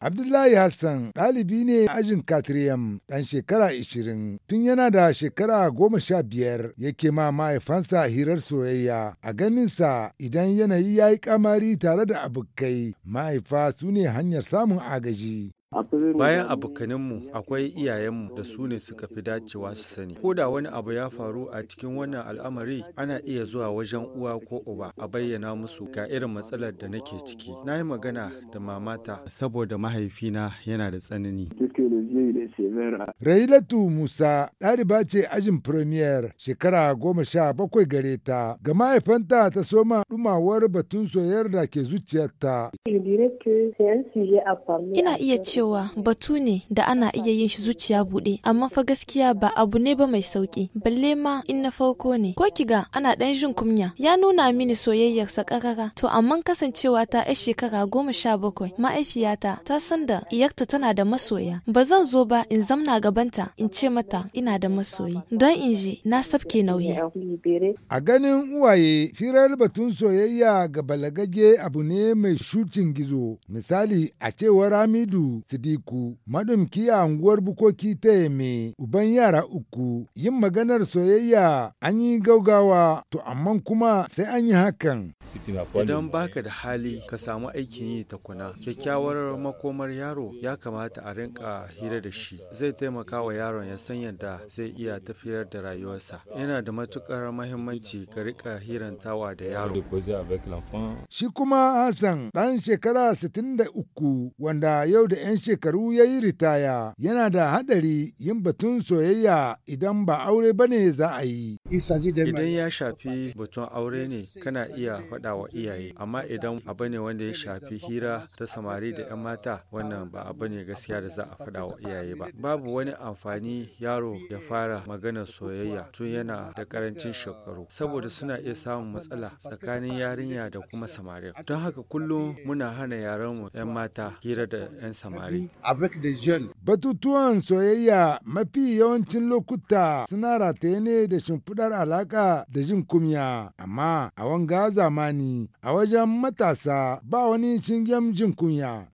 Abdullahi Hassan ɗalibi ne a ajin Katriyam ɗan shekara ishirin, tun yana da shekara goma sha biyar yake ma mahaifansa hirar soyayya a ganinsa idan yanayi ya yi kamari tare da abokai mahaifa su ne hanyar samun agaji. Bayan abokananmu akwai iyayenmu da su ne suka fi dacewa su sani. Ko da wani abu ya faru a cikin wannan al'amari ana iya zuwa wajen uwa ko uba a bayyana musu ga irin matsalar da nake ciki. Na yi magana da mamata saboda mahaifina yana da tsanani. Railatu Musa ɗaliba ce ajin Premier shekara goma sha bakwai gare ta ga mahaifanta ta soma dumawar batun soyayyar da ke zuciyarta. Ina iya cewa batu ne da ana iya yin shi zuciya buɗe, amma fa gaskiya ba abu ne ba mai sauki balle ma in na farko ne. Ko ki ga ana ɗan jin kunya, ya nuna mini soyayyar sa karara to amma kasancewa ta 'yar shekara goma sha bakwai, mahaifiyata ta san da iyarta tana da masoya. Ba zan zo ba in zamna gabanta in ce mata ina da masoyi, don in ji na sabke nauyi. A ganin uwaye, firar batun soyayya ga balagage abu ne mai shucin gizo, misali a cewar Hamidu Sidiku, madumki a unguwar Bukoki ta yame uban yara uku, yin maganar soyayya an yi gaugawa, to amma kuma sai an yi hakan. Idan baka da hali ka samu aikin yi ta takuna, kyakkyawar makomar yaro ya kamata a rinka hira da shi, zai taimaka wa yaron ya san yadda zai iya tafiyar da rayuwarsa. Yana da matukar mahimmanci ka rika hirantawa da yaro. Shi kuma Hassan, ɗan shekara 63, wanda yau da 'yan bayan shekaru ya yi ritaya yana da haɗari yin batun soyayya idan ba aure ba ne za a yi. Idan ya shafi batun aure ne kana iya faɗa wa iyaye amma idan abu ne wanda ya shafi hira ta samari da 'yan mata wannan ba abu ne gaskiya da za a faɗa wa iyaye ba. Babu wani amfani yaro ya fara magana soyayya tun yana da karancin shekaru saboda suna iya samun matsala tsakanin yarinya da kuma samari. Don haka kullum muna hana yaranmu 'yan mata hira da 'yan samari. samari. Batutuwan soyayya mafi yawancin lokuta suna rataye ne da shimfiɗar alaƙa da jin kumya, amma a wanga zamani a wajen matasa ba wani shingen jin kunya.